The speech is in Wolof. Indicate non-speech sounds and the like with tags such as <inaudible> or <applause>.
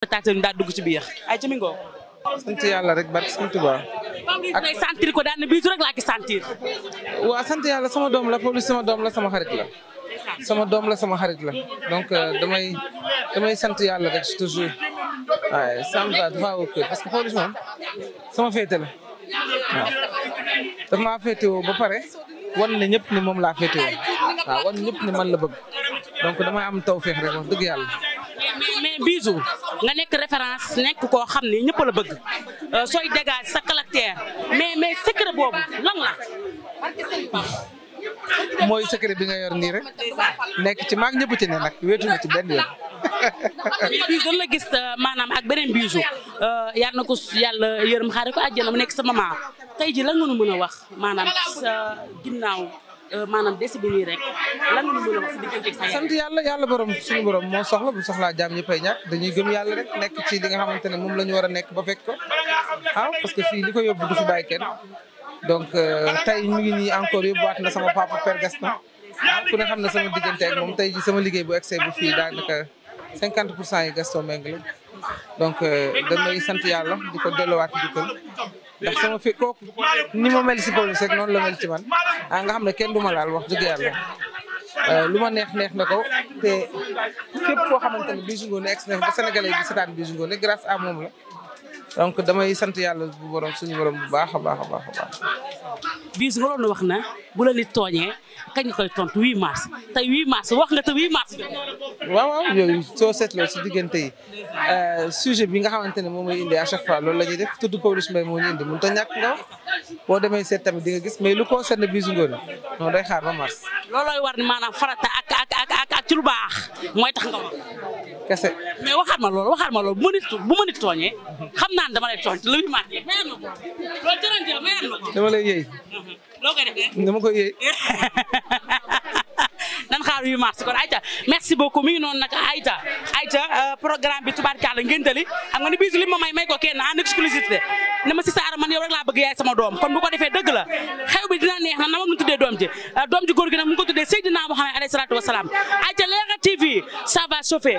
spectateur bi dugg ci biir ay ci mi sant yàlla rek barke sant Tuubaa ak ko daal ne biitu rek waaw sant yàlla sama doom la Pawlish sama doom la sama xarit la sama doom la sama xarit la donc euh, damay damay sant yàlla rek toujours parce que Pawlish moom sama féete la waaw daf maa ba pare wan ne ñëpp ni moom laa féetewoo waaw wan ñëpp ni man la bëgg donc damay am tawfeex rek wax dëgg yàlla mais biisu nga nekk référence nekk koo xam ne ñëpp la bëgg euh, sooy dégage sa caractère mais mais secret boobu lan la. mooy secret bi nga yor nii rek nekk ci maag ñëpp ci ne nag wéetuma ci benn yoon. <laughs> bisu dañ la gis euh, maanaam ak beneen bisu euh, yal na ko yàlla yërëm xaare ko àjjana mu nekk sa maman tey ji lan nga nu mën wax maanaam sa ginnaaw. Euh, maanaam desi bi nii rek lan nga mën a wax sant yàlla yàlla borom suñu borom moo soxla bu soxlaa jaam ñëppay ñàkk dañuy gëm yàlla rek nekk ci li nga xamante ne moom la ñu war a nekk ba fekk ko ah parce que fii li ko yóbbu du baay bàyyi kenn donc euh, tey mi ngi nii encore yóbbuwaat na sama papa Père Gaston waaw ah, ku ne xam ne sama diggante ak moom tey ji sama liggéey bu excès bu fii daanaka cinquante pour cent yi Gaston Mbengue la donc euh, damay sant yàlla di ko delluwaat di ko ndax sama fi kooku ni ma mel si Pawlish rek noonu la mel ci man ah nga xam ne kenn du ma laal wax dëgg yàlla euh, lu ma neex neex na ko te képp koo xamante ne Bijou Ngoné ex na ba Sénégalais bi seetaan ne grace grâce à moom la. donc damay sant yàlla bu borom suñu borom bu baax a baax a baax a baax. bis waroon na wax na bu la kañ koy tontu 8 mars tey 8 mars wax nga te 8 mars. waaw waaw si diggante yi euh, sujet bi nga xamante ne moom mooy indi a chaque fois loolu la def tudd Pawlish Mbaye moo ñu indi mënut a ñàkk nga wax boo demee seet tamit di nga gis mais lu concerne Bijou Ngoné noonu day xaar ba mars. loolooy war ni maanaam farata ak ak baax mooy tax nga wax. kese. mais waxaat ma lool waxaat ma loolu bu ma nit bu ma nit xam naa dama lay tooñ lu ñu ma mais am na ko loolu tëral na ko. dama lay yëy. Mhm. loo koy defee. dama koy yëy. <laughs> nan xaar 8 mars kon Aïcha merci beaucoup mi ngi noonu nag Aïcha Aïcha euh, programme bi tubaarkàlla ngéntali xam nga ni bisu li ma may may ko kenn en exclusivité ne ma si saara man yow rek laa bëgg yaay sama doom kon bu ko defee dëgg la xew bi dina neex na nama nu tuddee doom ji euh, doom ji góor gi nag mu ko tuddee Seydina Mouhamed alayhi salaatu wasalaam Aïcha TV ça va